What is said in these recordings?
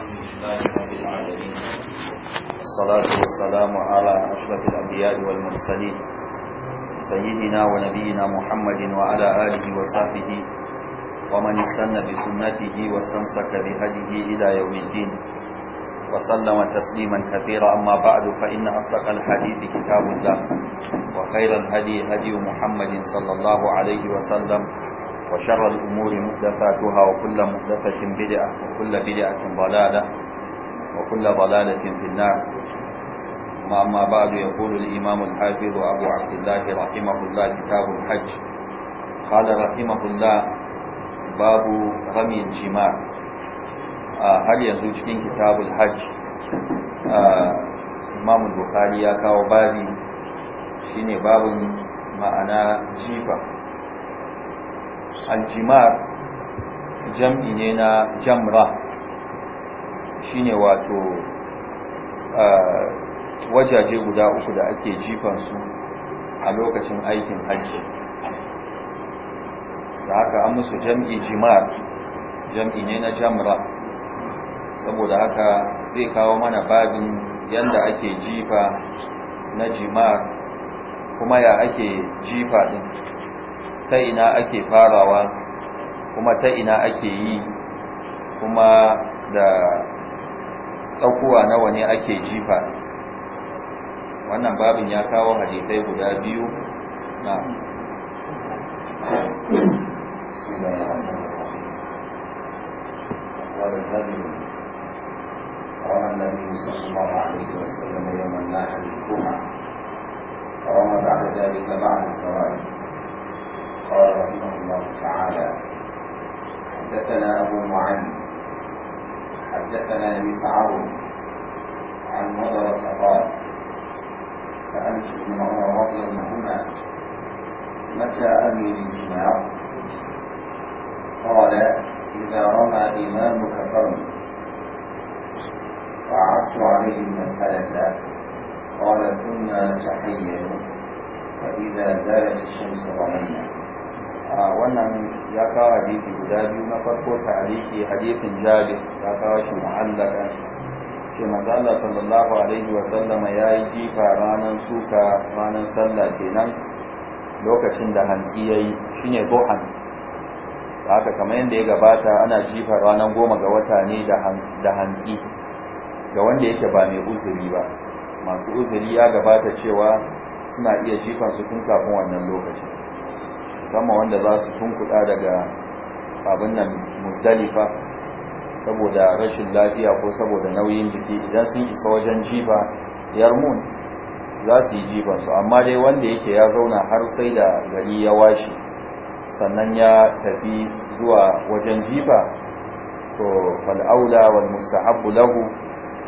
Assalatu wassalamu ala ashrafil anbiya'i wal mursalin sayyidina wa nabiyyina Muhammadin wa ala alihi wa sahbihi wa man istanna bi sunnatihi wa istamsaka bi hadihi ila yawmid din wa tasliman katira amma ba'du fa inna asdaqal hadithi kitabullah wa khayral hadi Muhammadin sallallahu alayhi wa وشر الأمور محدثاتها وكل محدثة بدعة وكل بدعة ضلالة وكل ضلالة في النار وأما بعد يقول الإمام الحافظ أبو عبد الله رحمه الله كتاب الحج قال رحمه الله باب رمي الجمار هل يزوج في كتاب الحج إمام البخاري يا كاو بابي شيني باب معنى جيفة aljimar jam'i ne na jamra shine wato wajaje guda uku da ake jifansu a lokacin aikin hajji da haka an musu jam'i jimar jam'i ne na jamra saboda haka zai kawo mana babin yanda ake jifa na jimar kuma ya ake jifa din ta ina ake farawa kuma ta ina ake yi kuma da tsakuwa nawa ne ake jifa wannan babin ya kawo hadisai guda biyu na قال النبي صلى الله عليه وسلم يوم النحر ذلك بعد الزواج قال رحمه الله تعالى حدثنا أبو معن حدثنا مسعر عن مضرة قال سألت ابن عمر رضي الله عنهما متى أمير الجماع قال إذا رمى إمامك فرم فعرضت عليه المسألة قال كنا نتحين فإذا زالت الشمس رمينا wannan ya kawo hadisi guda biyu na farko tariki hadisin jabir ya kawo shi mu'allaka shi manzo Allah sallallahu alaihi wa sallama yayi jifa ranan suka ranan sallah kenan lokacin da hanzi yayi shine gohan haka kamar yadda ya gabata ana jifa ranan goma ga wata ne da hanzi ga wanda yake ba mai uzuri ba masu uzuri ya gabata cewa suna iya jifan su tun kafin wannan lokacin musamman wanda za su tunkuɗa daga abin nan musdalifa saboda rashin lafiya ko saboda nauyin jiki idan sun isa wajen jifa yarmun za su yi jifansu amma dai wanda yake ya zauna har sai da gari ya washe sannan ya tafi zuwa wajen jifa to fal'aula wal mustahabbu lahu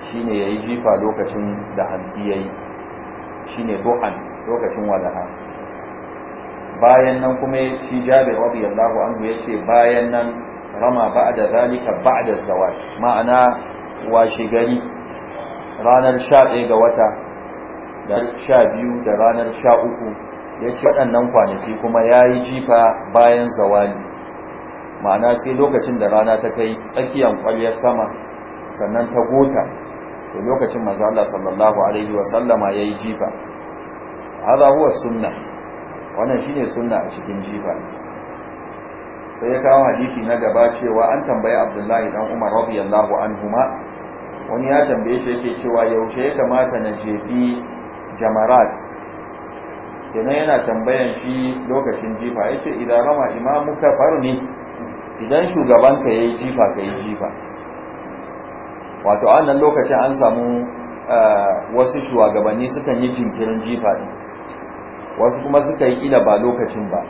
shine yayi jifa lokacin da yi, yayi shine du'an lokacin walaha bayan nan kuma ya ci jabir radiyallahu anhu ya ce bayan nan rama ba'da zalika da zawal ma'ana washe gari ranar sha ɗaya ga wata da sha biyu, da ranar sha uku, ya ce waɗannan kwanaki kuma ya yi jifa bayan zawali ma'ana sai lokacin da rana ta kai tsakiyar kwaliyar sama sannan ta gota to lokacin manzo Allah sallallahu alaihi wa sallama yayi jifa hada huwa sunna. wannan shine sunna a cikin jifa sai ya kawo hadisi na gaba cewa an tambayi abdullahi dan umar radiyallahu anhuma wani ya tambaye shi yake cewa yaushe ya kamata na jefi jamarat kenan yana tambayan shi lokacin jifa yace idan rama faru farni idan shugaban ka yayi jifa ka yi jifa wato a wannan lokacin an samu eh, wasu shugabanni sukan yi jinkirin jifa din wasu kuma suka yi kila ba lokacin ba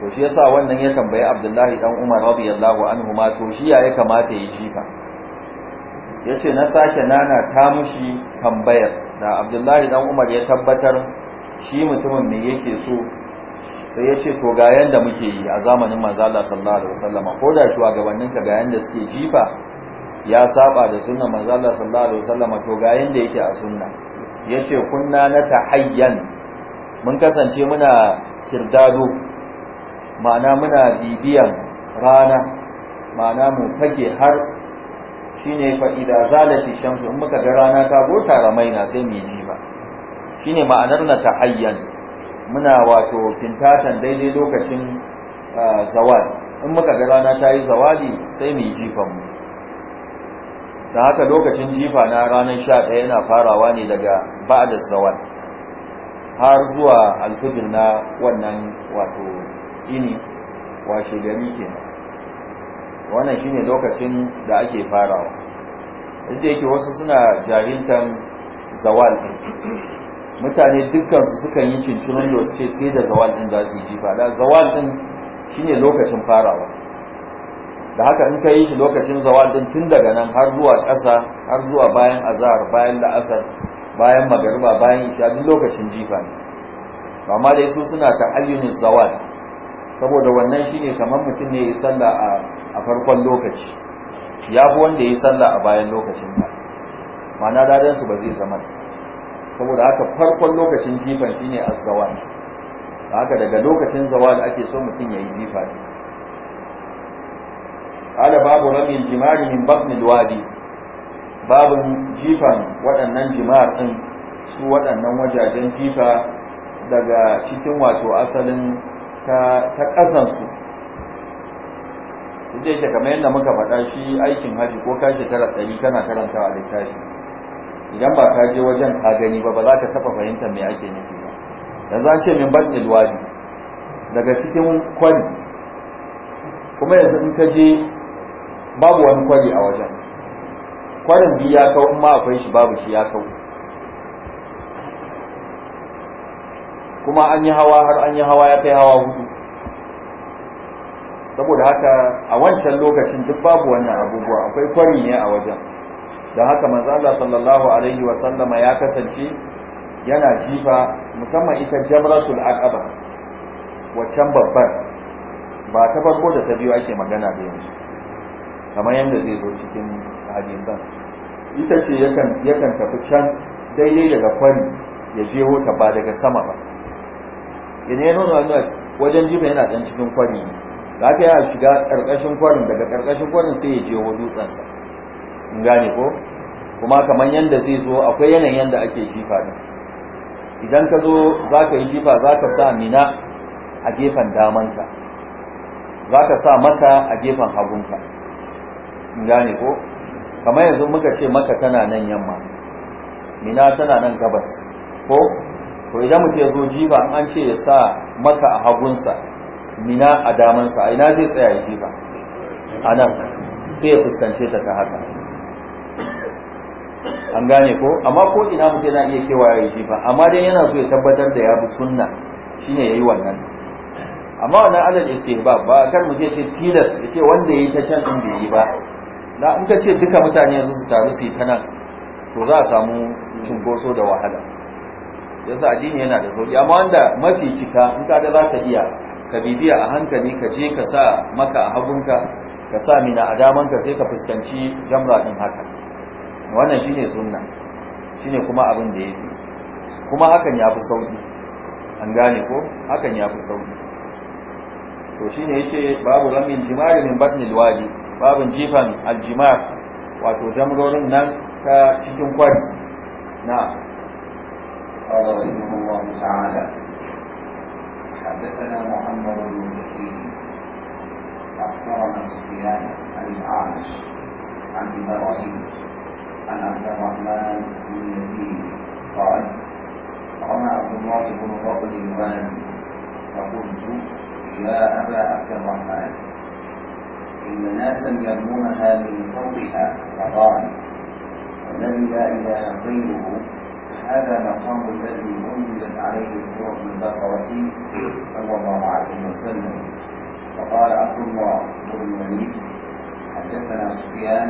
to shi yasa wannan ya tambayi Abdullahi dan Umar radiyallahu anhu ma to shi ya kamata yi jifa yace na sake nana ta mushi tambayar da Abdullahi dan Umar ya tabbatar shi mutumin me yake so sai yace to ga yanda muke yi a zamanin manzo Allah sallallahu alaihi wasallam ko da shi gabanin ka ga yanda suke jifa ya saba da sunnar manzo Allah sallallahu alaihi wasallam to ga yanda yake a sunna yace kunna na tahayyan mun kasance muna shirdado ma'ana muna bibiyan rana ma'ana mu fage har shine fa idza zalati shamsu in muka ga rana ta gota ramaina sai mu ji ba shine ma'anar na ta'ayyan muna wato kintatan daidai lokacin zawal. in muka ga rana ta yi zawali sai mu yi mu da haka lokacin jifa na ranar sha ɗaya yana farawa ne daga ba'da zawal. har zuwa alfijir na wannan wato ini washe gari kenan wannan shine lokacin da ake farawa inda yake wasu suna jahiltan zawal ɗin. mutane dukansu sukan yi cincirin da su ce sai da zawal ɗin za su yi jifa da zawal ɗin shine lokacin farawa da haka in ka yi shi lokacin zawal ɗin tun daga nan har zuwa ƙasa har zuwa bayan azar, bayan la'asar bayan magariba bayan isha duk lokacin jifa ne amma dai su suna ta ayyunin zawal saboda wannan shine kamar mutum ne ya sallah a farkon lokaci ya fi wanda ya sallah a bayan lokacin ba Mana dadan su ba zai zama saboda haka farkon lokacin jifan shine az-zawal haka daga lokacin zawal ake so mutum ya yi jifa ne قال باب رمي الجمار من بطن الوادي babin jifan waɗannan jima'ar ɗin su waɗannan wajajen jifa daga cikin wato asalin ta ƙasansu su ce ke kamar yadda muka faɗa shi aikin haji ko ka shekara ɗari kana karanta a littafi idan ba ka je wajen ka gani ba ba za ka taɓa fahimta me ake nufi ba da za ce min ban ilwadi daga cikin kwari kuma yanzu in ka je babu wani kwari a wajen kwarin biyu ya kau in ma akwai shi babu shi ya kau kuma an yi hawa har an yi hawa ya kai hawa hudu saboda haka a wancan lokacin duk babu wannan abubuwa akwai kwari ne a wajen Don haka manzo sallallahu alaihi wa ya kasance yana jifa musamman ita jamratul aqaba waccan babbar ba ta farko da ta biyu ake magana da yanzu kamar yadda zai zo cikin hadisan ita ce yakan tafi can daidai daga kwari ya je wuta ba daga sama ba yana ya nuna wani wajen jifa yana dan cikin kwari ne za ka yi shiga ƙarƙashin kwarin daga ƙarƙashin kwarin sai ya je wa dutsensa in gane ko kuma kamar yadda zai zo akwai yanayin yadda ake jifa ne idan ka zo za ka yi jifa za ka sa mina a gefen damanka za ka sa maka a gefen hagunka gane ko kamar yanzu muka ce maka tana nan yamma mina tana nan gabas ko to idan mutum ya zo jifa an ce ya sa maka a hagunsa mina a damansa a ina zai tsaya ya jifa a nan sai ya fuskance ta ta haka an gane ko amma ko ina mutum yana iya kewa ya jifa amma dai yana so ya tabbatar da ya bi sunna shine yayi wannan amma wannan alal istihbab ba kar mu ce tilas ya ce wanda yayi ta can din bai yi ba na in ka ce duka mutane yanzu su taru su yi ta nan to za a samu cunkoso da wahala yasa addini yana da sauki amma wanda mafi cika in ka da za ka iya ka bibiya a hankali ka je ka sa maka a hagunka ka sa mina a damanka sai ka fuskanci jamra din haka wannan shine sunna shine kuma abin da yake kuma hakan ya fi sauki an gane ko hakan ya fi sauki to shine yace babu ramin jimari min batnil wadi babin jifan aljimar wato jamurorin nan ta cikin kwari na ƙwararrun ruwan ta'ala حدثنا محمد بن زكريا اخبرنا سفيان عن الاعمش عن ابراهيم عن عبد الرحمن بن يزيد قال قام عبد الله بن فضل الرازي فقلت يا ابا عبد الرحمن إن ناسا يرمونها من فوقها مضاعا الذي لا إله غيره هذا مقام الذي أنزلت عليه سورة البقرة صلى الله عليه وسلم وقال عبد الله بن الوليد حدثنا سفيان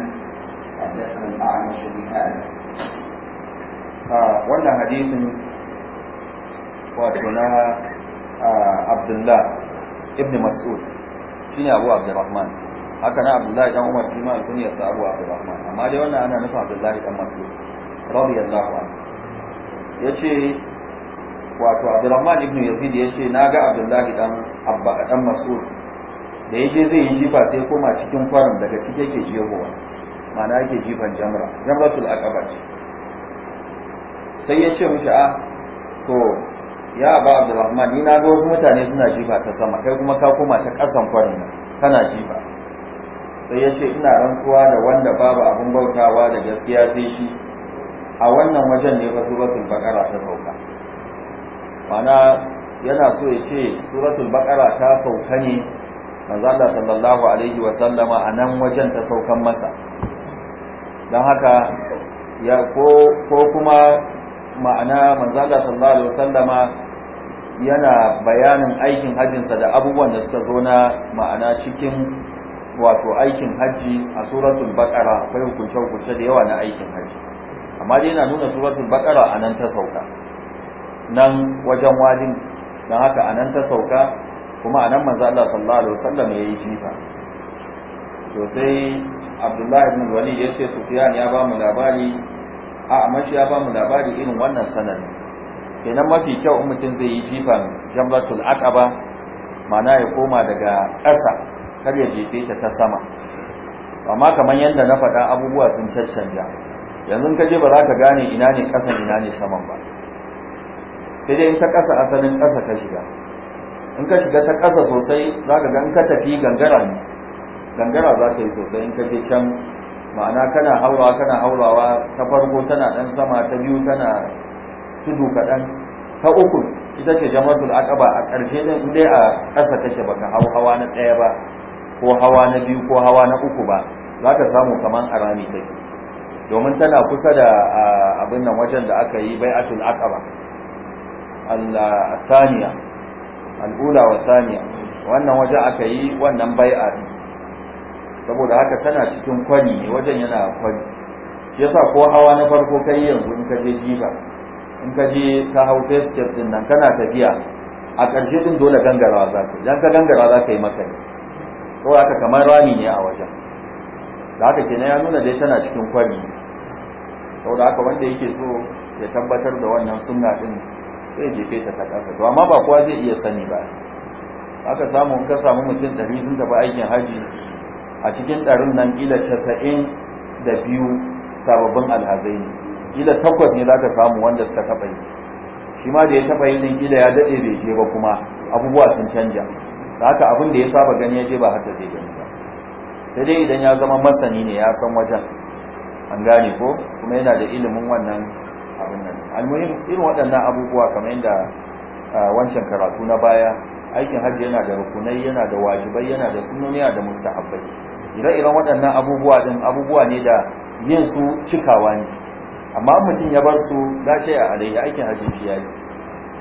حدثنا الأعمش بهذا فولا حديث وأتنا آه، عبد الله ابن مسعود شنو أبو عبد الرحمن haka na abdullahi dan umar shi ma alkunyar sa abu abdurrahman amma dai wannan ana nufin abdullahi dan mas'ud radiyallahu anhu yace wato abdurrahman ibn yazid yace ga abdullahi dan abba dan mas'ud da yake zai yi jifa sai koma cikin kwarin daga cike yake jiyowa ma'ana yake jifan jamra jamratul aqaba ce sai ya ce mishi a ah, to ya ba abdurrahman ni na ga wasu mutane suna jifa ta sama kai kuma ka koma ta ƙasan kwarin kana jifa sai ya ce ina rantsuwa da wanda babu abin bautawa da gaskiya sai shi a wannan wajen ne ba suratul baqara ta sauka mana yana so ya ce suratul baqara ta sauka ne manzo Allah sallallahu alaihi wa sallama a nan wajen ta saukan masa don haka ya ko ko kuma ma'ana manzo Allah sallallahu alaihi wa sallama yana bayanin aikin hajjinsa da abubuwan da suka zo na ma'ana cikin wato aikin hajji a suratul baqara akwai hukunce hukunce da yawa na aikin hajji amma dai yana nuna suratul baqara nan ta sauka nan wajen walin dan haka a nan ta sauka kuma a nan manzo Allah sallallahu alaihi wasallam yayi jifa to sai Abdullahi ibn Wali yace Sufyan ya ba mu labari a amashi ya ba mu labari irin wannan sanadin kenan mafi kyau in mutum zai yi jifan jamratul aqaba ma'ana ya koma daga ƙasa kar ya jefe ta ta sama amma kamar yadda na faɗa abubuwa sun caccanja yanzu ka je ba za ka gane ina ne ƙasan ina ne saman ba sai dai in ta ƙasa asalin ƙasa ka shiga in ka shiga ta ƙasa sosai za ka ga in ka tafi gangara ne gangara za ka yi sosai in ka je can ma'ana kana haurawa kana haurawa ta farko tana ɗan sama ta biyu tana tudu kaɗan ta uku ita ce jama'atul aqaba a ƙarshe ɗin in dai a ƙasa kake baka hau hawa na ɗaya ba ko hawa na biyu ko hawa na uku ba za ka samu kamar arami take domin tana kusa da abin nan wajen da aka yi atul aqaba al-thaniya al-ula wa thaniya wannan waje aka yi wannan bai'a saboda haka tana cikin kwani ne wajen yana kwani shi yasa ko hawa na farko kai yanzu in ka je jiba in ka je ka hau face din nan kana tafiya a ƙarshe din dole gangarawa za ka idan ka gangarawa za ka yi maka ne ko haka kamar rami ne a wajen da haka kenan ya nuna dai tana cikin kwari saboda haka wanda yake so ya tabbatar da wannan sunna din sai jefe ta ta ƙasa to amma ba kowa zai iya sani ba aka samu ka samu mutum ɗari sun tafi aikin haji a cikin ɗarin nan ƙila casa'in da biyu sababbin alhazai ne ƙila takwas ne za ka samu wanda suka taɓa yi shi ma da ya taɓa yi ɗin ƙila ya daɗe bai je ba kuma abubuwa sun canja da haka abin da ya saba gani ya je ba haka zai gani ba sai dai idan ya zama masani ne ya san wajen an gane ko kuma yana da ilimin wannan abin nan almuhim irin waɗannan abubuwa kamar yadda wancan karatu na baya aikin hajji yana da rukunai yana da wajibai yana da sunnoni da mustahabbai ire-iren waɗannan abubuwa din abubuwa ne da yin su cikawa ne amma mutum ya bar su dace a alayya aikin hajji shi yayi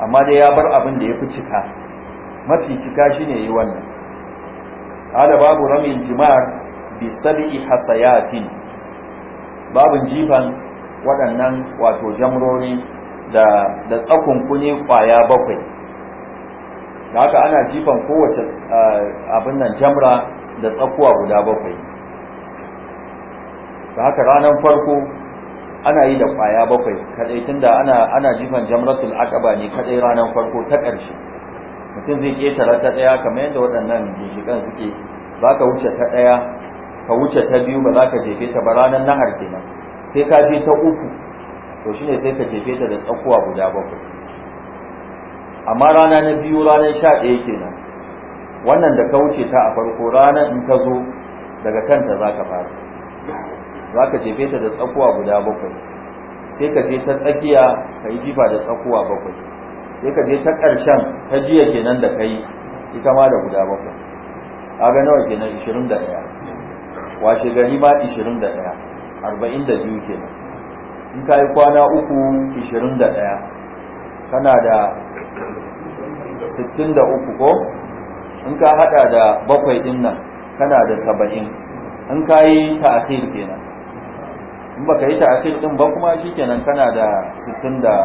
amma dai ya bar abin da ya fi cika mafi cika shi ne yi wannan hada babu ramin jima'ar bi sabi'i hasayatin babin jifan waɗannan wato jamrori da da tsakunkune ƙwaya bakwai da haka ana jifan kowace abin nan jamra da tsakuwa guda bakwai da haka ranar farko ana yi da ƙwaya bakwai kaɗai tunda ana ana jifan jamratul aqaba ne kaɗai ranar farko ta ƙarshe mutum zai tara ta ɗaya kamar yadda waɗannan ginshiƙan suke za ka wuce ta ɗaya ka wuce ta biyu ba za ka jefe ta ba ranar nahar kenan sai ka je ta uku to shi ne sai ka jefe ta da tsakuwa guda bakwai amma rana na biyu ranar sha ɗaya kenan wannan da ka wuce ta a farko ranar in ka zo daga kanta za ka fara za ka jefe ta da tsakuwa guda bakwai sai ka je ta tsakiya ka yi jifa da tsakuwa bakwai sai ka je ta ƙarshen ta jiya kenan da kai ita ma da guda bakwai A ga nawa kenan 21 washe gari ma 21 42 kenan in ka yi kwana uku 21 kana da 63 ko in ka hada da bakwai din nan kana da 70 in ka yi ta'akhir kenan in baka yi asir din ba kuma shi kenan kana da da.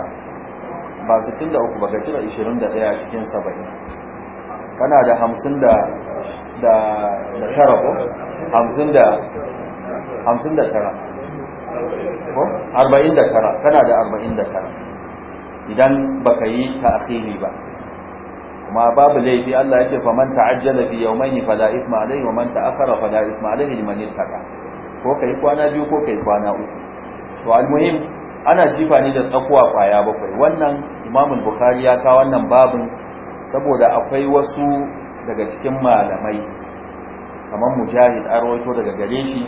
ba 63 ba ga 21 cikin 70 kana da 50 da da tara ko 50 da 50 da tara ko 40 da tara kana da 40 da tara idan baka yi ta'khiri ba kuma babu laifi Allah ya ce fa man ta'ajjala fi yawmayni fala ithma alayhi wa man ta'akhkhara fala ithma alayhi liman ittaqa ko kai kwana biyu ko kai kwana uku to almuhim ana jifa ne da tsakuwa kwaya bakwai wannan imam bukhari ya ka wannan babin saboda akwai wasu daga cikin malamai kamar mujahid an rawaito daga gare shi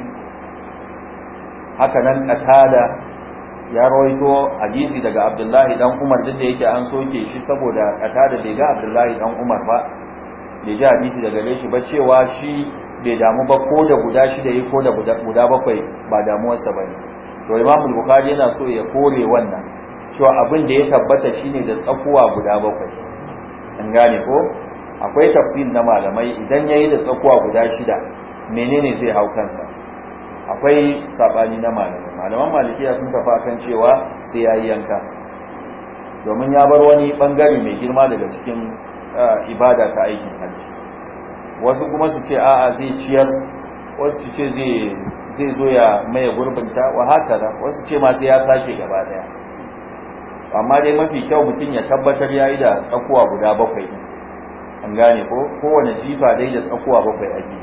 haka nan qatada ya rawaito hadisi daga abdullahi dan umar duk da yake an soke shi saboda qatada bai ga abdullahi dan umar ba bai ji hadisi daga gare shi ba cewa shi bai damu ba ko da guda da yi ko da guda bakwai ba damuwarsa ba ne to imam bukhari yana so ya kore wannan cewa abin da ya tabbata shine da tsakuwa guda bakwai an gane ko akwai tafsir na malamai idan yayi da tsakuwa guda shida menene zai hau kansa akwai sabani na malamai malaman malikiya sun tafi kan cewa sai yayi yanka domin ya bar wani bangare mai girma daga cikin eh, ibada ta aikin hajji wasu kuma su ce a'a zai ciyar wasu su ce zai zo ya maye gurbinta wa haka wasu ce ma sai ya sake gaba daya amma dai mafi kyau mutum ya tabbatar ya yi da tsakuwa guda bakwai an gane ko kowane jifa dai da tsakuwa bakwai ake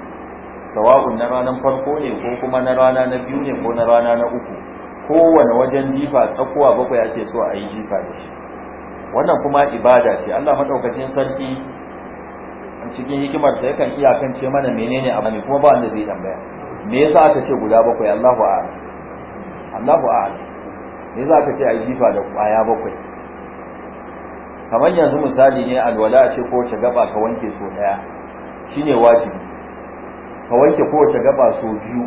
sawa'un na ranar farko ne ko kuma na rana na biyu ne ko na rana na uku kowane wajen jifa tsakuwa bakwai ake so a yi jifa da shi wannan kuma ibada ce Allah maɗaukacin sarki cikin hikimarsa yakan ce mana menene a kuma ba wanda zai tambaya me yasa aka ce guda bakwai Allahu a'ala Allahu a'ala me za ka ce a jifa da kwaya bakwai kamar yanzu misali ne alwala ce kowace gaba ka wanke so daya ne wajibi ka wanke kowace gaba so biyu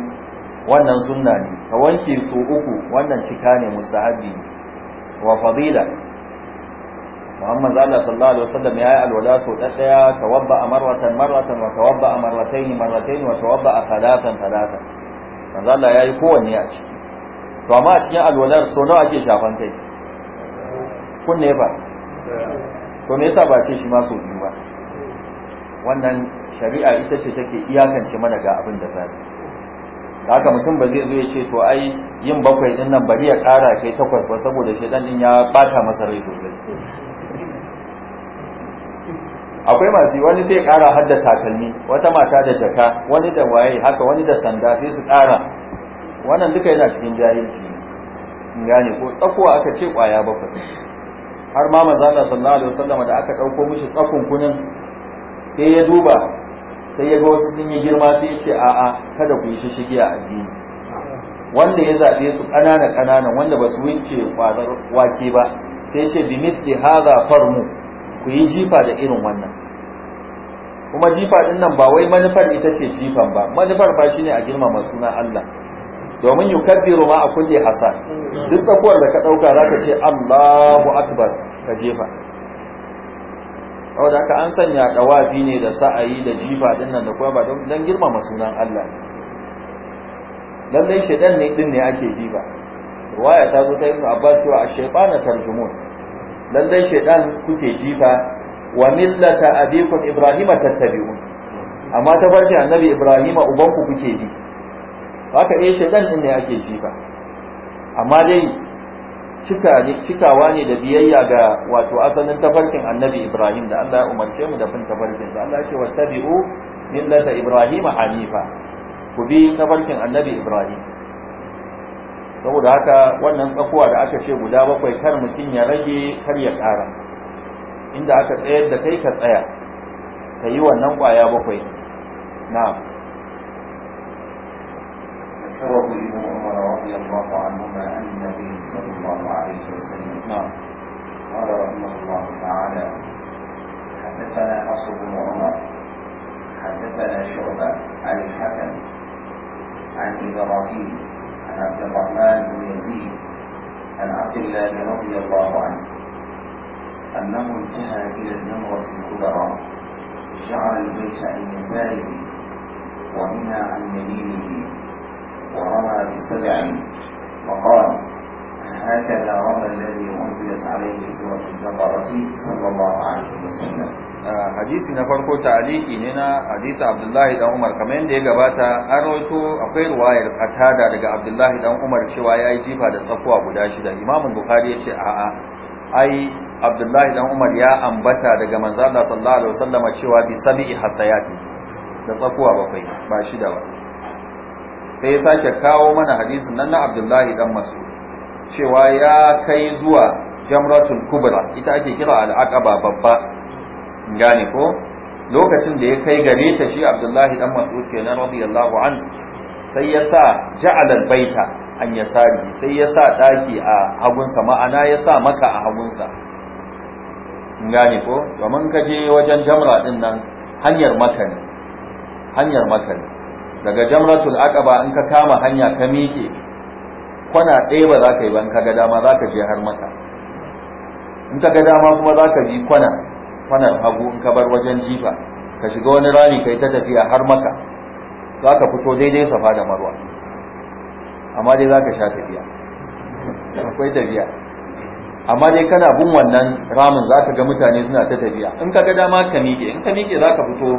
wannan sunna ne ka wanke so uku wannan cika ne mustahabi wa fadila Muhammad zala sallallahu alaihi wasallam yi alwala so daya tawabba marratan marratan wa tawabba marratayn marratayn wa tawabba talatan talatan. manzo ya yi kowanne a ciki to amma a cikin alwalar so nawa ake shafan kai kunne ba to me yasa ba ce shi ma so biyu ba wannan shari'a ita ce take iyakance mana ga abin da zai haka mutum ba zai zo ya ce to ai yin bakwai din nan bari ya kara kai takwas ba saboda dan din ya bata masa rai sosai akwai masu wani sai kara hadda takalmi wata mata da jaka wani da waye haka wani da sanda sai su kara wannan duka yana cikin jahilci in gane ko tsakuwa aka ce kwaya bakwai har ma manzo Allah sallallahu alaihi wasallam da aka dauko mishi tsakun kunin sai ya duba sai ya ga wasu sun yi girma sai ya ce a'a kada ku yi shishigi a addini wanda ya zabe su kanana kanana wanda ba su wuce kwazar wake ba sai ya ce bimithli hadha farmu ku yi jifa da irin wannan kuma jifa din ba wai manufar ita ce jifan ba manufar ba shine a girmama sunan Allah domin yukaddiru ma a kulle asa duk tsakuwar da ka dauka ka ce Allahu akbar ka jefa saboda aka an sanya dawafi ne da sa'ayi da jifa dinnan da kuma ba don girmama sunan Allah lallai shedan ne din ne ake jifa ruwaya ta zo ta yi Abbas cewa ash tarjumun lallai shedan kuke jifa wa millata abikum ibrahima tattabi'un amma ta barke annabi ibrahima ubanku kuke bi haka eh shaidan din ne ake ba. amma dai cika cikawa ne da biyayya ga wato asalin tafarkin annabi Ibrahim da Allah ya umarce mu da fin tafarkin da Allah ya ce wattabi'u millata Ibrahim hanifa ku bi tafarkin annabi Ibrahim saboda haka wannan tsakuwa da aka ce guda bakwai kar mutum ya rage kar ya kara inda aka tsayar da kai ka tsaya ka yi wannan kwaya bakwai na'am الوزير عن عبد الله رضي الله عنه أنه انتهى إلى الجمرة الكبرى جعل البيت عن يساره ومنها عن يمينه ورمى بالسبع وقال هكذا رمى الذي أنزلت عليه سورة البقرة صلى الله عليه وسلم Ah, hadisi na farko ta'aliki ne na hadisi abdullahi dan umar kamar yadda ya gabata an rawaito akwai ruwayar katada daga abdullahi dan umar cewa ya yi jifa da tsakuwa guda shida imamun bukhari ya ce a'a ai abdullahi dan umar ya ambata daga manzo Allah sallallahu alaihi wasallama cewa bi sabi'i hasayati da tsakuwa bakwai ba shida ba sai ya sake kawo mana hadisin nan na abdullahi dan mas'ud cewa ya kai zuwa jamratul kubra ita ake kira al-aqaba babba gane ko lokacin da ya kai gare ta shi abdullahi dan mas'ud kenan radiyallahu an sai ya sa ja'ala baita an ya sari sai ya sa daki a hagunsa ma'ana ya sa maka a hagunsa gane ko domin ka je wajen jamra din nan hanyar maka ne hanyar maka ne daga jamratul aqaba in ka kama hanya ka miƙe kwana ɗaya ba za ka yi ba in ka ga dama za ka je har maka in ka ga dama kuma za ka bi kwana fanar hagu in ka bar wajen jifa ka shiga wani rami kai ta tafiya har maka za ka fito daidai safa da marwa amma dai za ka sha tafiya akwai tafiya amma dai kana bin wannan ramin za ka ga mutane suna ta tafiya in ka ga dama ka miƙe in ka miƙe za ka fito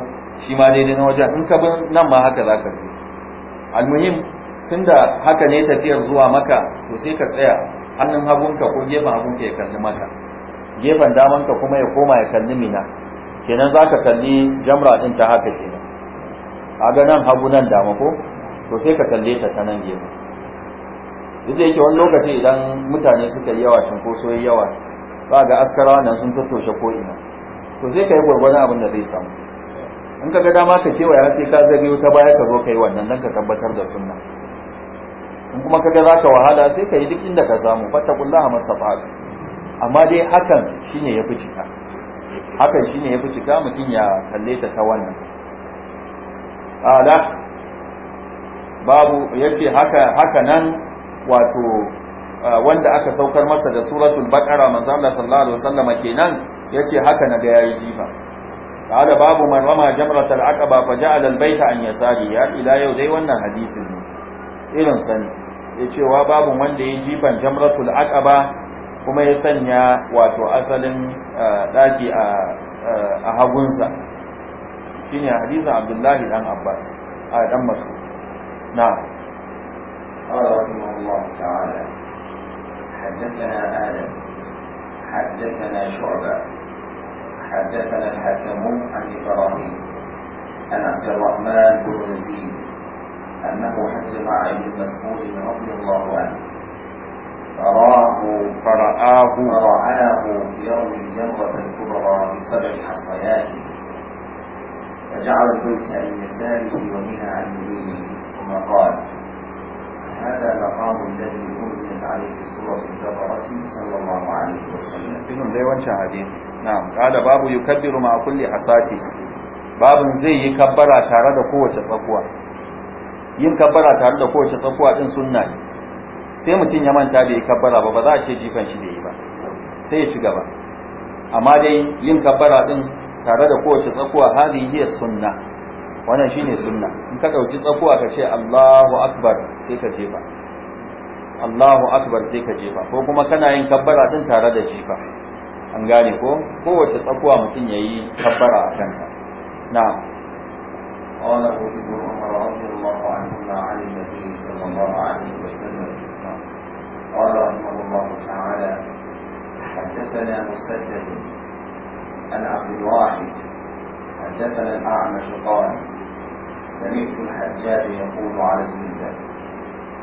shi ma daidai na wajen in ka bin nan ma haka za ka fito almuhim tunda haka ne tafiyar zuwa maka to sai ka tsaya hannun hagunka ko gefen hagunka ya kalli maka gefen daman ka kuma ya koma ya kalli mina kenan za ka kalli jamra ɗin ta haka kenan a ga nan hagu nan dama ko to sai ka kalle ta ta nan gefe duk da yake wani lokaci idan mutane suka yi yawa koso yi yawa ba ga askarawa nan sun tattoshe ko ina to sai ka yi gwargwadon abin da zai samu in ka ga dama ka kewaye har sai ka zabiyo ta baya ka zo ka yi wannan don ka tabbatar da sunna in kuma ka ga za ka wahala sai ka yi duk inda ka samu fattakullaha masafa amma dai hakan shine ya fi cika hakan shine ya fi cika mutum ya kalle ta ta wannan ala babu ya ce haka nan wato wanda aka saukar masa da suratul baƙara manzo Allah sallallahu alaihi wasallam kenan yace haka na gaya yayi jifa kada babu man rama jamratul aqaba fa ja'ala albayta an yasari ya ila yau dai wannan hadisin ne irin sani ya cewa babu wanda ya jifan jamratul aqaba kuma ya sanya wato asalin eh, daki a eh, hagunsa shi ne hadisun abdullahi dan abbas a dan masu na حدثنا آدم حدثنا شعبة حدثنا الحكم عن إبراهيم عن عبد الرحمن بن يزيد أنه حجم عن مسعود رضي الله عنه فراه فرآه فرآه يوم الجمرة الكبرى بسبع حصيات فجعل البيت عن يساره ومنى عن يمينه ثم قال هذا المقام الذي أنزلت عليه سورة البقرة صلى الله عليه وسلم. إنهم لا يوانشا نعم قال باب يكبر مع كل حصاته باب زي يكبر kabbara tare da تقوى ينكبر yin kabbara tare تقوى kowace tsakuwa sai mutum ya manta bai kabbara ba ba za a ce jifan shi bai yi ba sai ya ci gaba amma dai yin kabbara din tare da kowace tsakuwa yi ya sunna wannan shi ne sunna in ka ɗauki tsakuwa ka ce Allahu akbar sai ka jefa Allahu akbar sai ka jefa ko kuma kana yin kabbara din tare da jifa an gane ko kowace tsakuwa mutum ya yi kabbara a kanta na'am قال ابو عمر رضي الله عنهما عن النبي صلى الله عليه وسلم قال رحمه الله تعالى حدثنا مسدد عن عبد الواحد حدثنا الأعمش قال سمعت الحجاج يقول على الذنب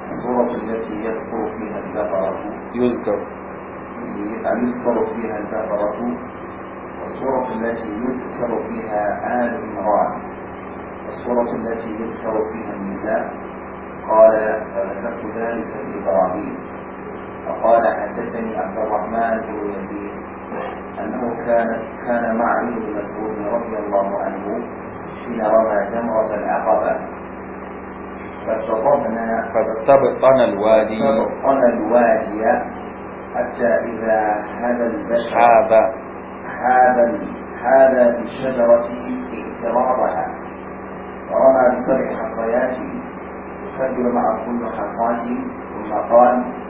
الصورة التي يذكر فيها البقرة يذكر أن يذكر فيها البقرة والصورة التي يذكر فيها آل عمران الصورة التي يذكر فيها النساء قال فذكرت ذلك لإبراهيم فقال حدثني عبد الرحمن بن يزيد أنه كان كان مع بن مسعود رضي الله عنه حين رمى جمرة العقبة فاستبطنا فاستبطنا الوادي فاستبطنا الوادي حتى إذا هذا البشر هذا هذا هذا بالشجرة اقترابها ورمى بسبع حصيات يكبر مع كل حصاة ثم قال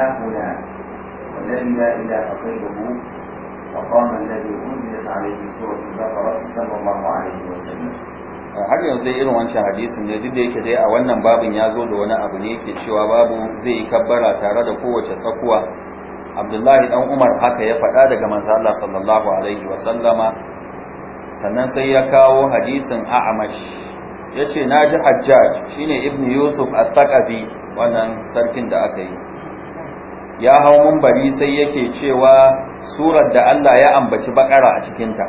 هؤلاء لا إله غيره وقام الذي أنزلت عليه سورة البقرة صلى الله عليه وسلم har yanzu zai irin wancan hadisin ne duk da yake dai a wannan babin ya zo da wani abu ne yake cewa babu zai yi kabbara tare da kowace tsakuwa abdullahi dan umar haka ya faɗa daga manzo Allah sallallahu alaihi wa sallama, sannan sai ya kawo hadisin a'mash yace naji hajjaj shine ibnu yusuf at taqabi wannan sarkin da aka yi ya hau mumbari sai yake cewa surar da Allah ya ambaci bakara a cikinta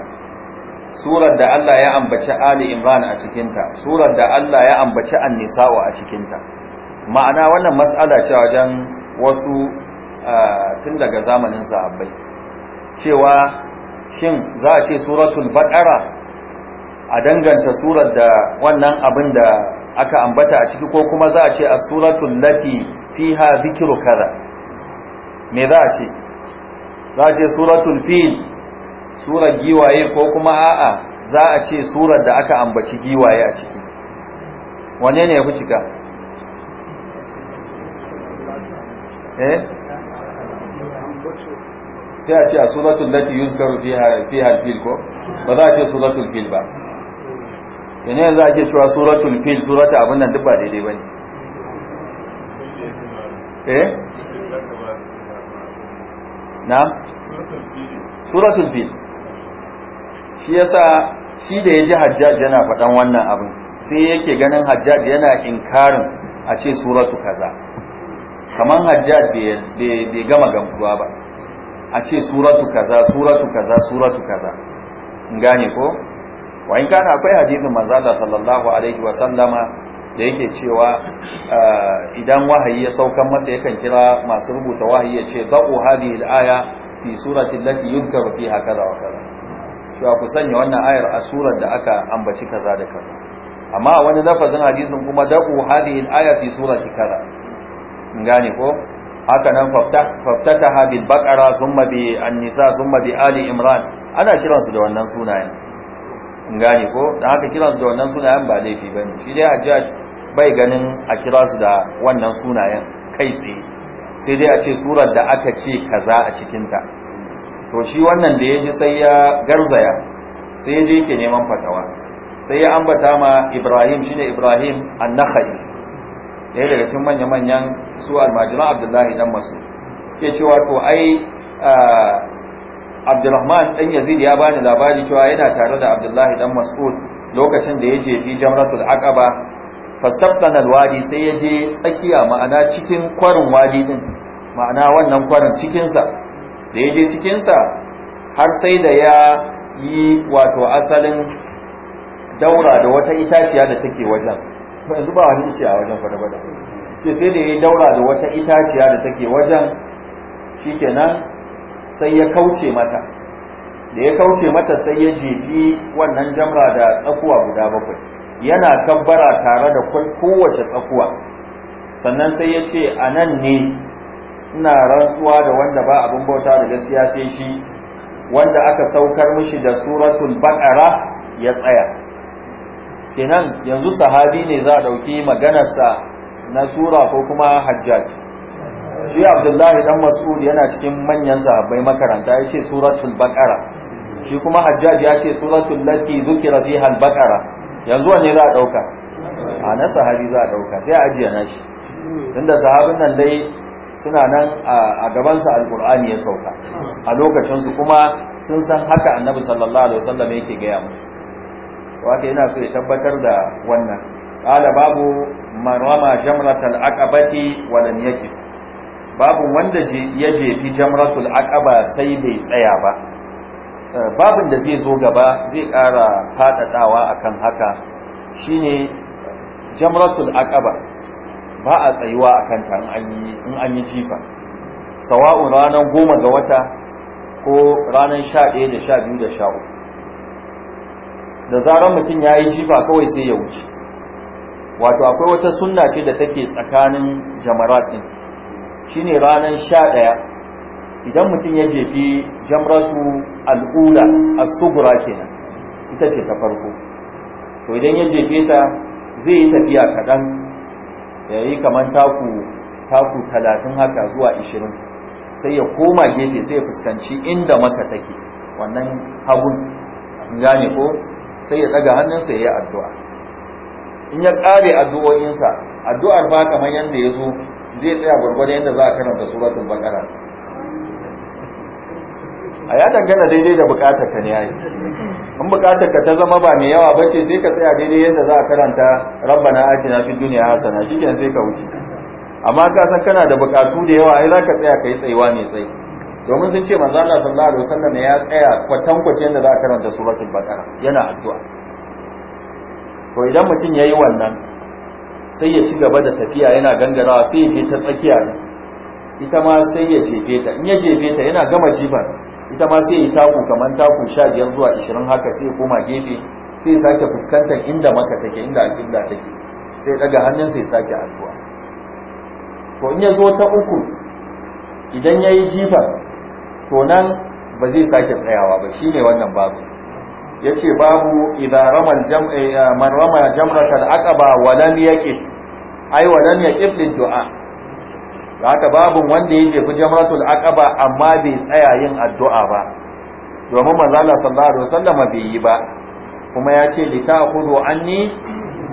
surar da Allah ya ambaci ali imran a cikinta surar da Allah ya ambaci annisa'u a cikinta ma'ana wannan mas'ala ce wajen wasu tun daga zamanin sahabbai cewa shin za a ce suratul baqara a danganta surar da wannan abin da aka ambata a ciki ko kuma za a ce as-suratul lati fiha dhikru kaza me za a ce za a ce suratul fil surar giwaye ko kuma a'a za a ce surar da aka ambaci giwaye a ciki wane ne ya fi cika eh sai a ce a suratul lati yuzkaru fiha fil ko ba za a ce suratul fil ba yana yanzu ake cewa suratul fil surata abin nan duk ba daidai bane eh na suratul fil shi yasa shi da ya ji hajjaj yana faɗan wannan abin sai yake ganin hajjaj yana inkarin a ce suratu kaza Kaman hajjaj bai gama gamsuwa ba a ce suratu kaza suratu kaza suratu kaza gane ko wa in kana akwai hadisin manzala sallallahu alaihi wa sallama da yake cewa ah, idan wahayi ya saukan masa yakan kira masu rubuta wahayi ya ce da'u hadi al-aya fi surati allati yunkaru fiha kaza wa kaza cewa ku sanya wannan ayar a surar da aka ambaci kaza da kaza amma wani lafazin hadisin kuma da'u hadi al-aya fi surati kaza gane ko haka nan faftataha bil baqara thumma bi an-nisa thumma bi ali imran ana kiransu da wannan sunayen gane ko dan haka kiransu da wannan sunayen ba laifi bane shi dai hajjaj bai ganin a kira su da wannan sunayen kai tsaye sai dai a ce surar da aka ce kaza a cikinta to shi wannan da ya ji sai ya garzaya sai ya je yake neman fatawa sai ya ambata ma ibrahim shine ibrahim annakhai ɗaya daga cikin manya-manyan su almajiran abdullahi dan masu ke cewa to ai abdulrahman dan yazid ya bani labari cewa yana tare da abdullahi dan mas'ud lokacin da ya jefi jamratul aqaba fasabqan alwadi sai ya je tsakiya ma'ana cikin kwarin wadi din ma'ana wannan kwarin cikin sa da ya je cikin sa har sai da ya yi wato asalin daura da wata itaciya da take wajen yanzu ba wani a wajen fada fada ce sai da ya yi daura da wata itaciya da take wajen shikenan sai ya kauce mata da ya kauce mata sai ya jefi wannan jamra da tsakuwa guda bakwai yana kabbara tare da kowace tsakuwa sannan sai ya ce a nan ne ina rantsuwa da wanda ba abin bauta da gaskiya sai shi wanda aka saukar mishi da suratul baqara ya tsaya kenan yanzu sahabi ne za a ɗauki maganarsa na sura ko kuma hajjaj shi abdullahi dan mas'ud yana cikin manyan sahabbai makaranta ya ce suratul baqara shi kuma hajjaj ya ce suratul lati zukira fiha al-baqara yanzu wanne za a ɗauka a na sahabi za a ɗauka sai a ajiye na shi tunda sahabin nan dai suna nan a gabansa alkur'ani ya sauka a lokacinsu kuma sun san haka annabi sallallahu alaihi wasallam yake gaya musu wata yana so ya tabbatar da wannan qala babu marama jamratul aqabati wa lam yakif babu wanda ya jefi jamratul aqaba sai bai tsaya ba Eh, babin da zai zo gaba zai ƙara faɗaɗawa akan haka shine jamratul aqaba ba a tsayuwa akan ta in an yi jifa sawa'un ranar goma ga wata ko ranar sha ɗaya da sha biyu da sha uku da zarar mutum ya yi jifa kawai sai ya wuce wato akwai wata sunna ce da take tsakanin jamarat ɗin shine ranar sha ɗaya idan mutum ya jefi jamratu al'ula a sughra kenan ita ce ta farko to idan ya jefe ta zai yi tafiya kaɗan ya yi kamar taku taku talatin haka zuwa ishirin sai ya koma gefe sai ya fuskanci inda maka take wannan hagun gane ko sai ya ɗaga hannunsa ya yi addu'a in ya ƙare addu'o'insa addu'ar ba kamar yadda ya zo zai tsaya gwargwado yadda za a karanta suratun baƙara. a ya dangana daidai da bukatar ka ne yayi in bukatar ka ta zama ba mai yawa ba ce zai ka tsaya daidai yadda za a karanta rabbana atina fid dunya hasana shikenan sai ka wuce amma ka san kana da bukatu da yawa ai zaka tsaya ka yi tsayuwa ne tsayi domin sun ce manzo na sallallahu alaihi wasallam ya tsaya kwace yadda za a karanta suratul baqara yana addu'a Ko idan mutum yayi wannan sai ya ci gaba da tafiya yana gangarawa sai ya je ta tsakiya ita ma sai ya jefe ta in ya jefe ta yana gama jifan ita ma sai yi taku kamar taku sha biyar zuwa ishirin haka sai koma gefe sai sake fuskantar inda maka take inda alƙibla take sai daga hannun sai sake addu'a to in ya zo ta uku idan ya yi jifar to nan ba zai sake tsayawa ba shine wannan babu ya ce babu idan eh, man rama jamratar aqaba walam yaqif ai walam yaqif lid du'a haka babu wanda ya jefi jamratul aqaba amma bai tsaya yin addu'a ba domin manzo Allah sallallahu alaihi wasallam bai yi ba kuma ya ce li ta'khudhu anni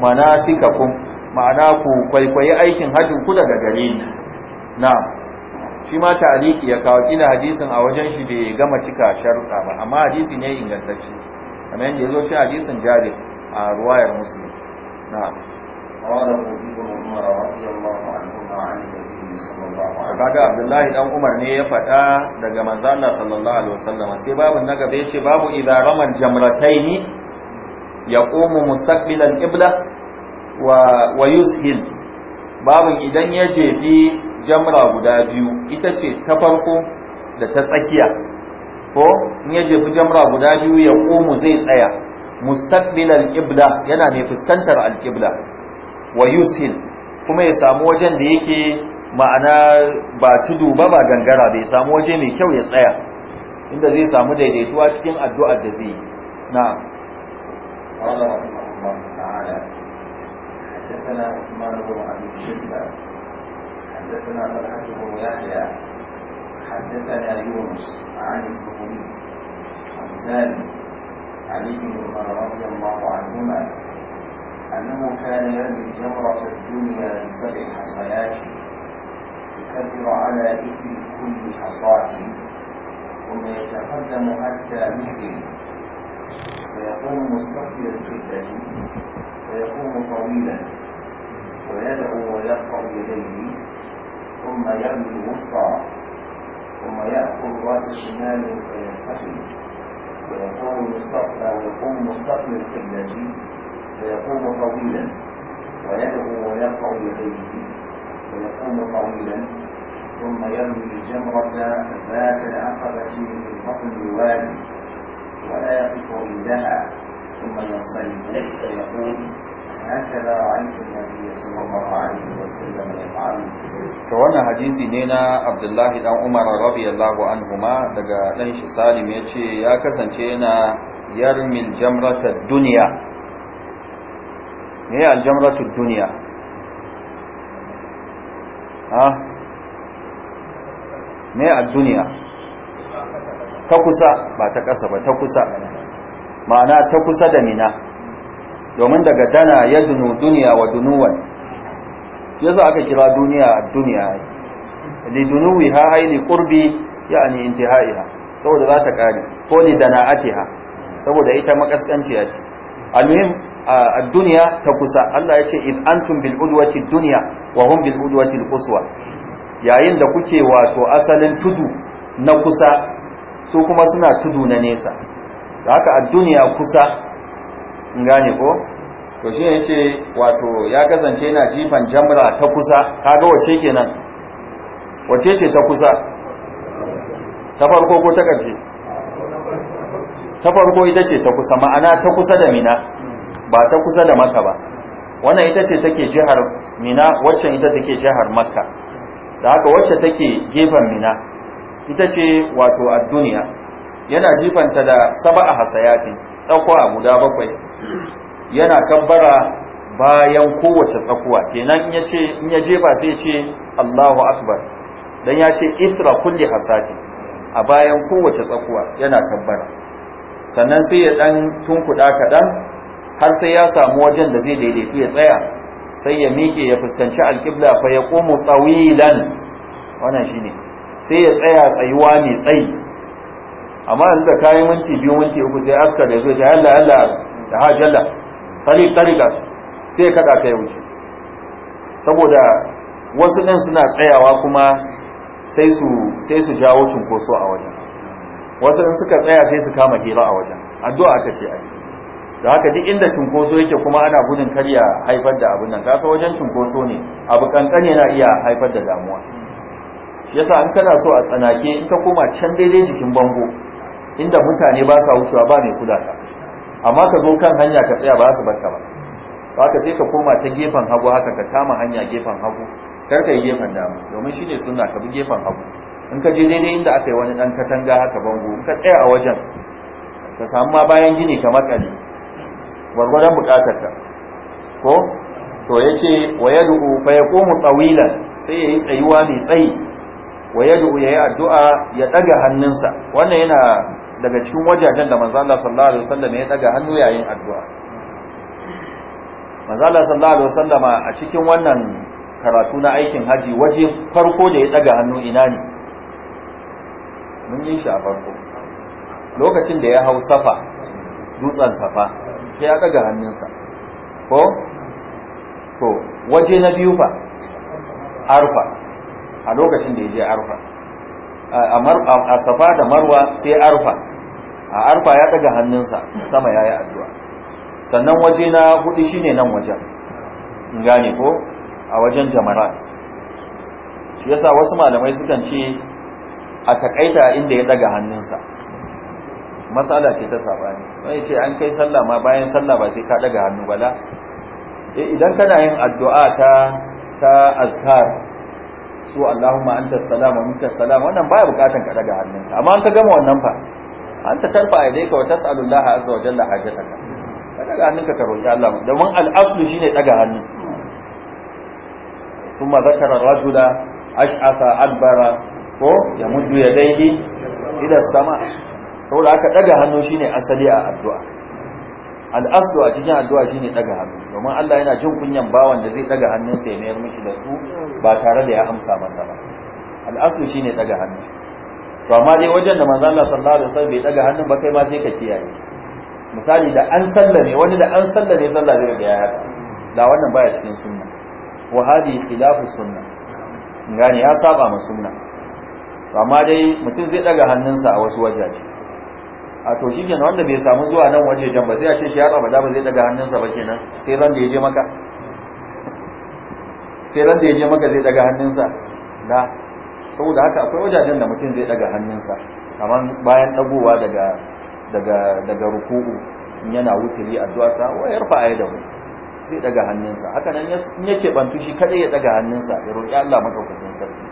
manasikakum ma'ana ku kwaikwayi aikin hajjin ku daga gare ni na'am shi ma ta'liqi ya kawo kila hadisin a wajen shi bai gama cika sharuɗa ba amma hadisi ne ingantacce kamar yadda ya shi hadisin jabir a ruwayar muslim na'am kaga Abdullahi dan Umar ne ya faɗa daga manzo Allah sallallahu alaihi wasallam sai babu na gaba yace babu idza ramal jamrataini yaqumu mustaqbilan qibla wa wa yushil Babu idan ya jefi jamra guda biyu ita ce ta farko da ta tsakiya ko in ya jefi jamra guda biyu ya komu zai tsaya mustaqbilan qibla yana mai fuskantar al-qibla wa yusil kuma ya samu wajen da yake ma'ana ba tudu ba ba gangara bai samu waje mai kyau ya tsaya inda zai samu daidaituwa cikin addu'ar da zai na حدثنا wa يونس عن الزهري عن علي بن عمر رضي الله عنهما أنه كان يرمي جمرة الدنيا بسبع حصيات يكبر على إثم كل حصاة ثم يتقدم حتى مثلي فيقوم مستقبل القبلة فيقوم طويلا ويدعو ويرفع يديه ثم يرمي الوسطى ثم يأخذ رأس شماله فيستقبل ويقوم مستقبل ويقوم مستقبل القبلة فيقوم طويلا ويدعو ويرفع يديه ويقوم طويلا ثم يرمي الجمرة ذات العقبة من بطن الوالي ولا يقف عندها ثم ينصرف ويقول ta wannan hadisi ne na abdullahi dan umar radiyallahu anhuma daga ɗan shi salim ya ce ya kasance yana yarmil jamratar duniya me ya aljamratu duniya ha me a duniya ta kusa ba ta kasa ba ta kusa ma'ana ta kusa da mina domin daga dana ya dunu duniya wa dunuwan Ya za aka kira duniya a duniya dunuwi ha haili kurbi ya ne intihaiha saboda za ta kare ko ni ha saboda ita makaskanciya ce almuhim الدنيا dunya ta kusa Allah ya ce الدنيا وهم bil القصوى ad-dunya wa واتو bil تدو al-quswa yayin da kuke wato asalin tudu na kusa su kuma suna tudu na nesa da haka kusa ngane ko to shi ne ce wato ya kasance yana jifan jamra ta kusa kaga wace kenan wace ce ta kusa ta farko ko ta ƙarfe ta farko ita ce ta kusa ma'ana ta kusa da mina ba ta kusa da maka ba wannan ita ce take jihar mina wacce ita take jihar makka da haka wacce take gefen mina ita ce wato a duniya yana jifanta da saba'a hasayatin tsakuwa guda bakwai yana kabbara bayan kowace tsakuwa kenan in ya jefa sai ya ce Allahu akbar dan ya ce itra kulli hasatin a bayan kowace tsakuwa yana kabbara sannan sai ya ɗan tunkuda kaɗan? har sai ya samu wajen da zai daidaitu ya tsaya sai ya miƙe ya fuskanci alƙibla fa ya ƙomo tsawilan wannan shine sai ya tsaya tsayuwa mai tsayi amma yanzu da kayan minti biyu minti uku sai askar ya zo ya halla halla da hajalla tariq tariqa sai ya kaɗa ka ya wuce saboda wasu ɗin suna tsayawa kuma sai su sai su jawo cunkoso a wajen wasu in suka tsaya sai su kama hira a wajen addu'a aka ce ai da haka duk inda cunkoso yake kuma ana gudun karya haifar da abin nan kasa wajen cunkoso ne abu kankane yana iya haifar da damuwa yasa in kana so a tsanake in ka koma can daidai jikin bango inda mutane ba sa wucewa ba mai kula ka amma ka zo kan hanya ka tsaya ba su barka ba haka sai ka koma ta gefen hagu haka ka kama hanya gefen hagu kar ka yi gefen dama domin shine suna ka bi gefen hagu in ka je daidai inda aka yi wani dan katanga haka bango in ka tsaya a wajen ka samu ma bayan gini ka makale gwargwadon bukatarka ko to ya ce wa ya du'u fa ya komu tsawilan sai ya yi tsayuwa mai tsayi wa ya du'u ya yi addu'a ya ɗaga hannunsa wannan yana daga cikin wajajen da manzala sallallahu alaihi wasallam ya ɗaga hannu yayin addu'a manzala sallallahu alaihi wasallama a cikin wannan karatu na aikin haji waje farko da ya ɗaga hannu ina ne mun yi shi a farko lokacin da ya hau safa dutsen safa sai ya ɗaga hannunsa ko to waje na biyu fa arfa a lokacin da ya je arfa a safa da marwa sai arfa a arfa ya ɗaga hannunsa sama ya yi addu'a sannan waje na hudu shine nan wajen gane ko a wajen jamarat shi yasa wasu malamai sukan ce a takaita inda ya daga hannunsa matsala ce ta sabani wani ce an kai sallah ma bayan sallah ba sai ka daga hannu ba la e, idan kana yin addu'a ta ta azkar su Allahumma anta salama minka salam wannan baya bukatan ka daga hannunka amma an ka gama wannan fa an ta tarfa aidai ka wa tas'alullaha azza wa jalla hajataka ka daga hannunka ka roki Allah domin al-aslu shine daga hannu summa zakara rajula ash'atha adbara ko yamuddu yadayhi ila sama saboda aka daga hannu shine asali a addu'a al'aslu a cikin addu'a shine daga hannu domin Allah yana jin kunyan bawan da zai daga hannunsa ya mayar miki da su ba tare da ya amsa masa ba al'aslu shine daga hannu to amma dai wajen da manzo Allah sallallahu alaihi wasallam bai daga hannun ba kai ma sai ka kiyaye misali da an sallame wani da an sallame sallah zai ga ya da wannan baya cikin sunna wa hadi khilafu sunna ngani ya saba ma sunna amma dai mutum zai daga hannunsa a wasu wajaje a to shi kenan wanda bai samu zuwa nan waje jan ba sai a ce shi ya tsaba da ba zai daga hannunsa ba kenan sai ran da ya je maka sai ran da ya je maka zai daga hannunsa na saboda haka akwai wajajen da mutum zai daga hannunsa kamar bayan dagowa daga daga daga ruku'u yana wuturi addu'a sa wa yarfa ayyadahu sai daga hannunsa haka nan in yake bantu shi kada ya daga hannunsa ya roƙi Allah madaukakin sarki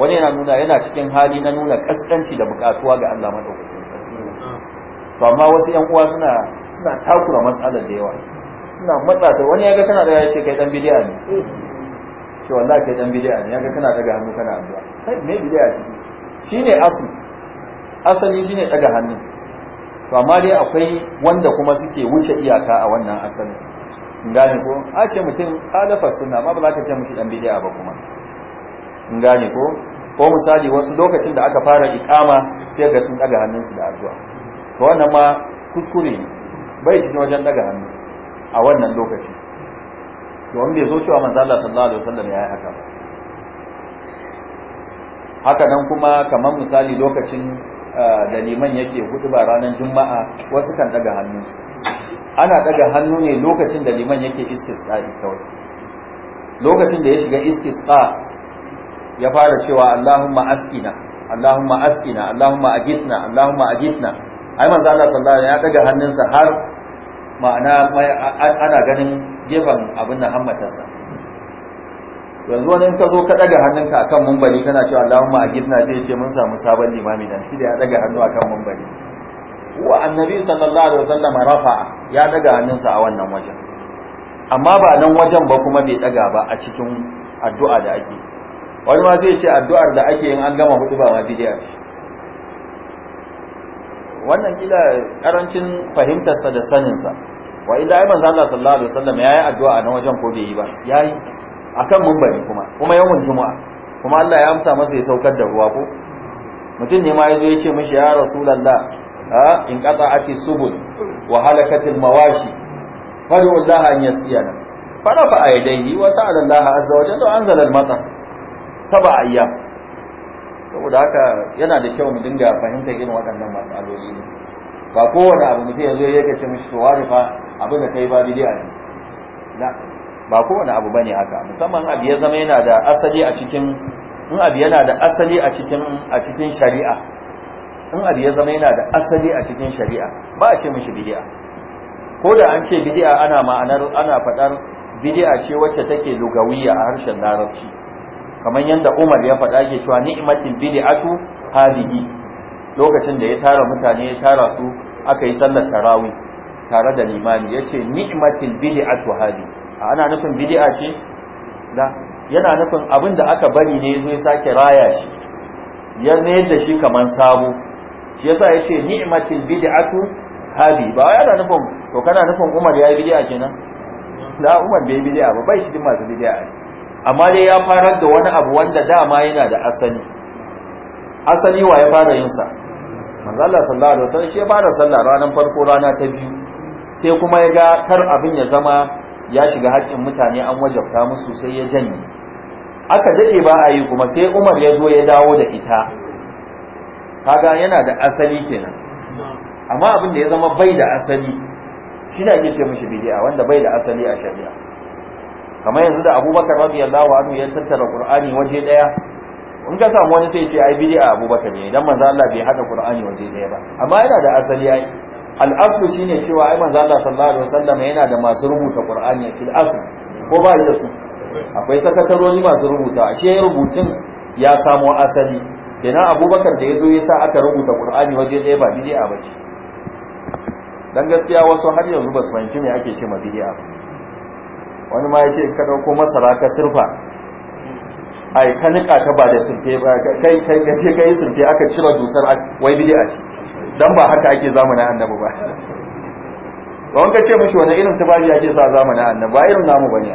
wani yana nuna yana cikin hali na nuna kaskanci da bukatuwa ga Allah madaukakin sarki to amma wasu yan uwa suna suna takura matsalar da yawa suna matsa ta wani yaga kana da ya ce kai dan bid'a ne ce wallahi kai dan bid'a ne yaga kana daga hannu kana addu'a kai me bid'a ce shine asu asali shine daga hannu to amma dai akwai wanda kuma suke wuce iyaka a wannan asali gane ko a ce mutum alafa sunna amma ba za ka ce mushi dan bid'a ba kuma gane ko ko misali wasu lokacin da aka fara iqama sai ga sun daga hannunsu da addu'a to wannan ma kuskure bai cikin wajen daga hannu a wannan lokaci wanda bai zo cewa manzo Allah sallallahu alaihi wasallam yi haka ba haka nan kuma kamar misali lokacin eh, da liman yake hudu ba ranar juma'a wasu kan daga hannu ana daga hannu ne lokacin da liman yake istisqa kawai lokacin da ya shiga istisqa ya fara cewa Allahumma askina Allahumma askina Allahumma agitna Allahumma agitna ai manzo Allah sallallahu alaihi ya daga hannunsa har ma'ana ana ganin gefen abin nan hammatarsa yanzu wani ka zo ka daga hannunka akan mumbari kana cewa Allahumma agidna sai ce mun samu sabon limami dan shi da ya daga hannu akan mumbari wa annabi sallallahu alaihi wasallam rafa'a ya daga hannunsa a wannan wajen amma ba nan wajen ba kuma bai daga ba a cikin addu'a da ake wani ma zai ce addu'ar da ake yin an gama hudu ba ma bid'a ce wannan kila karancin fahimtarsa da saninsa wa illa ai manzo Allah sallallahu alaihi wasallam yayi addu'a nan wajen ko bai yi ba yayi akan mumbari kuma kuma yawan juma'a kuma Allah ya amsa masa ya saukar da ruwa ko mutum ne ma yazo ya ce mishi ya rasulullah ha in qata ati subul wa halakatil mawashi fadu Allah an yasiyana fara fa aidaihi wa sa'alallahu azza wa jalla anzala al-matar sab'a ayyam saboda haka yana da kyau mu dinga fahimtar irin waɗannan matsaloli ne ba kowane abu mutum ya zo ya yake cin shi to fa abin da kai ba a ne ba kowane abu bane haka musamman abu ya zama yana da asali a cikin in abu yana da asali a cikin a cikin shari'a in abu ya zama yana da asali a cikin shari'a ba a ce mishi bidi'a ko da an ce bidi'a ana ma'anar ana faɗar bidi'a ce wacce take lugawiya a harshen larabci kamar yadda Umar ya faɗa ke cewa ni'matin bid'atu hadihi lokacin da ya tara mutane ya tara su aka yi sallar tarawih tare da ya ce ni'matin bid'atu hadihi ana nufin bid'a ce da yana nufin abin da aka bari ne zai sake raya shi ya mayar da shi kaman sabo shi yasa yace ni'matil bid'atu hadi ba yana nufin to kana nufin Umar ya yi bid'a kenan la Umar bai bid'a ba bai shi masu bid'a amma dai ya farar da wani abu wanda dama yana da asali asali wa ya fara yin sa manzo Allah sallallahu alaihi wasallam shi ya fara sallah ranar farko rana ta biyu sai kuma ya ga kar abin ya zama ya shiga haƙƙin mutane an wajabta musu sai ya janye aka dade ba a yi kuma sai Umar ya zo ya dawo da ita kaga yana da asali kenan amma abin da ya zama bai da asali shi ne ake ce mishi bid'a wanda bai da asali a shari'a kamar yanzu da abubakar radiyallahu anhu ya tattara qur'ani waje daya in ka samu wani sai ce ai bid'a abubakar ne dan manzo Allah bai hada qur'ani waje daya ba amma yana da asali ai al-aslu shine cewa ai manzo Allah sallallahu alaihi wasallam yana da masu rubuta qur'ani fil asl ko ba da su akwai sakatarori masu rubuta ashe rubutun ya samo asali kenan abubakar da yazo yasa aka rubuta qur'ani waje daya ba bid'a bace dan gaskiya wasu har yanzu ba su fahimci me ake ce ma bid'a ba wani ma ya ce in ka ɗauko masara ka sirfa ai ka niƙa ta ba da sirfe ba kai kai ka ce kai sirfe aka cire dusar wai a ci dan ba haka ake zamanin annabi ba ba wanka ce mishi wani irin tubabi ake sa zamanin annabi ba irin namu bane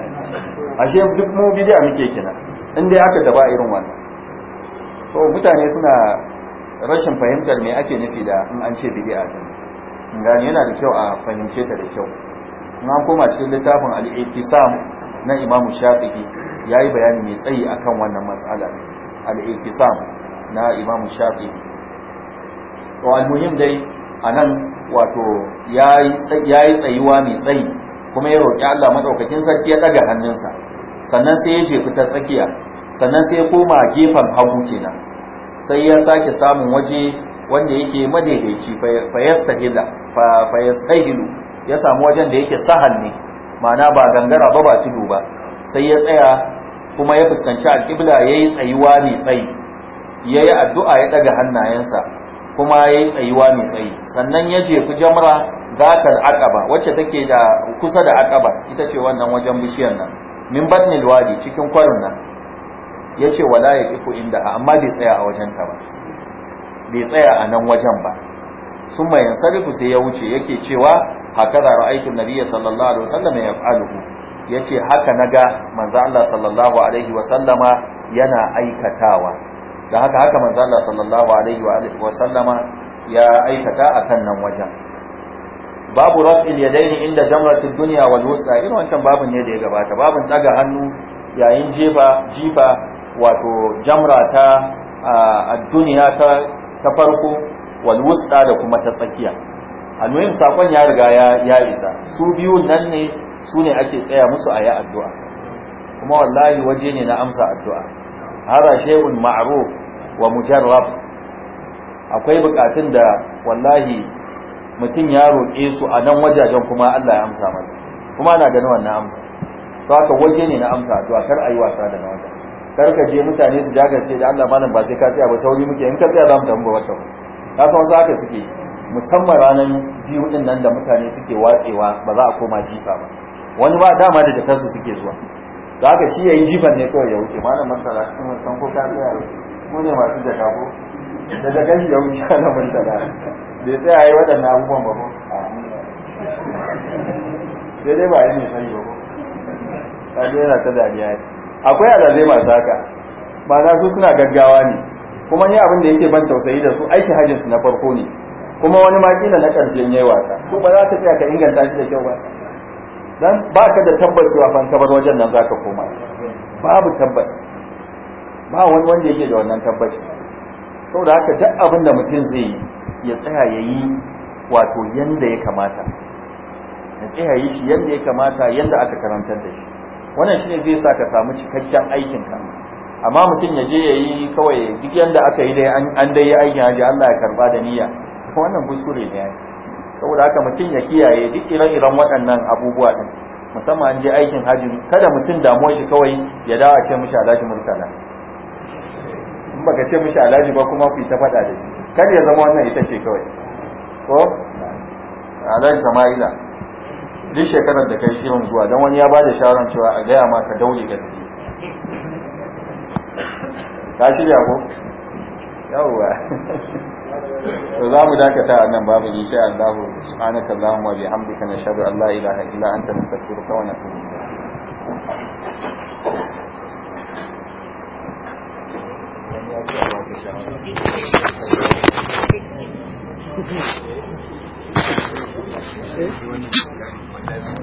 ashe duk mu a muke kina in dai aka daba irin wannan to mutane suna rashin fahimtar me ake nufi da in an ce bid'a din gani yana da kyau a fahimce ta da kyau na koma cikin littafin al-iqtisam na imamu shafi'i yayi bayani mai tsayi akan wannan mas'ala al-iqtisam na imamu shafi'i to al-muhim dai anan wato yayi yayi tsayuwa mai tsayi kuma ya roki Allah matsaukakin sarki ya daga hannunsa sannan sai ya jefi ta tsakiya sannan sai ya koma gefen hagu kenan sai ya sake samun waje wanda yake madaidaici fayastahilu ya samu wajen da yake sahal ne ma'ana ba gangara ba ba tudu ba sai ya tsaya kuma ya fuskanci alƙibla ya yi tsayuwa mai tsayi ya yi addu'a ya ɗaga hannayensa kuma ya yi tsayuwa mai tsayi sannan ya je ku jamra zatar akaba wacce take da kusa da akaba ita ce wannan wajen bishiyar nan min batnil wadi cikin kwarin nan ya ce wala ya ƙifu inda amma bai tsaya a wajen ta ba bai tsaya a nan wajen ba sun mayan sarifu sai ya wuce yake cewa hakaza ra'aytu an-nabiy sallallahu alaihi wasallam yaf'aluhu yace haka naga manzo Allah sallallahu alaihi wasallama yana aikatawa da haka haka manzo Allah sallallahu alaihi wasallama ya aikata akan nan wajen babu raf'il yadaini inda jamratid dunya wal wusta irin wancan babin ne da ya gabata babin daga hannu yayin jefa jifa wato jamra ta a duniya ta farko wal wusta da kuma ta tsakiya almuhim sakon ya riga ya isa su biyu nan ne su ne ake tsaya musu a yi addu'a kuma wallahi waje ne na amsa addu'a hada shehun ma'ruf wa mujarrab akwai bukatun da wallahi mutum ya roƙe su a nan wajajen kuma Allah ya amsa masa kuma ana ganin wannan amsa sau haka waje ne na amsa addu'a kar a yi wasa da na kar ka je mutane su jagar sai da Allah malam ba sai ka tsaya ba sauri muke in ka tsaya za mu damu ba wata ka san wasu haka suke musamman ranar biyu din nan da mutane suke watsewa ba za a koma jifa ba wani ba dama da jakansu suke zuwa za ka shi yayi jifan ne kawai ya wuce malam masara sun san ko ka tsaya mu ne masu jaka ko da jakan shi ya wuce ana masara bai tsaya yi waɗannan abubuwan ba ko sai dai ba yi ne sani ba ko yana ta dariya akwai alazai masu haka ba na su suna gaggawa ne kuma ni abin da yake ban tausayi da su aikin hajjinsu na farko ne kuma wani ma kila na ƙarshen yayi wasa ko ba za ka tsaya ka inganta shi da kyau ba dan ba ka da tabbas cewa fa wajen nan zaka koma babu tabbas ba wani wanda yake da wannan tabbaci saboda haka duk abin da mutum zai ya tsaya ya yi wato yanda ya kamata ya tsaya yi shi yanda ya kamata yanda aka karantar da shi wannan shine zai sa ka samu cikakken aikin ka amma mutum ya je ya yi kawai duk yanda aka yi dai an dai yi aikin haji Allah ya karba da niyya wannan kuskure ne saboda haka mutum ya kiyaye duk ire-iren waɗannan abubuwa ɗin musamman an je aikin hajji kada mutum damuwa shi kawai ya dawa ce mishi alhaji murtala in ba ka ce mishi alhaji ba kuma ku yi ta faɗa da shi kada ya zama wannan ita ce kawai ko alhaji sama'ila duk shekarar da kai shirin zuwa don wani ya ba da shawaran cewa a gaya ma ka daure ka tafi ka shirya ko yawwa to za mu dakata a nan babu insha Allah subhanaka allahumma wa bihamdika nashhadu an la ilaha illa anta nastaghfiruka wa natubu ilayk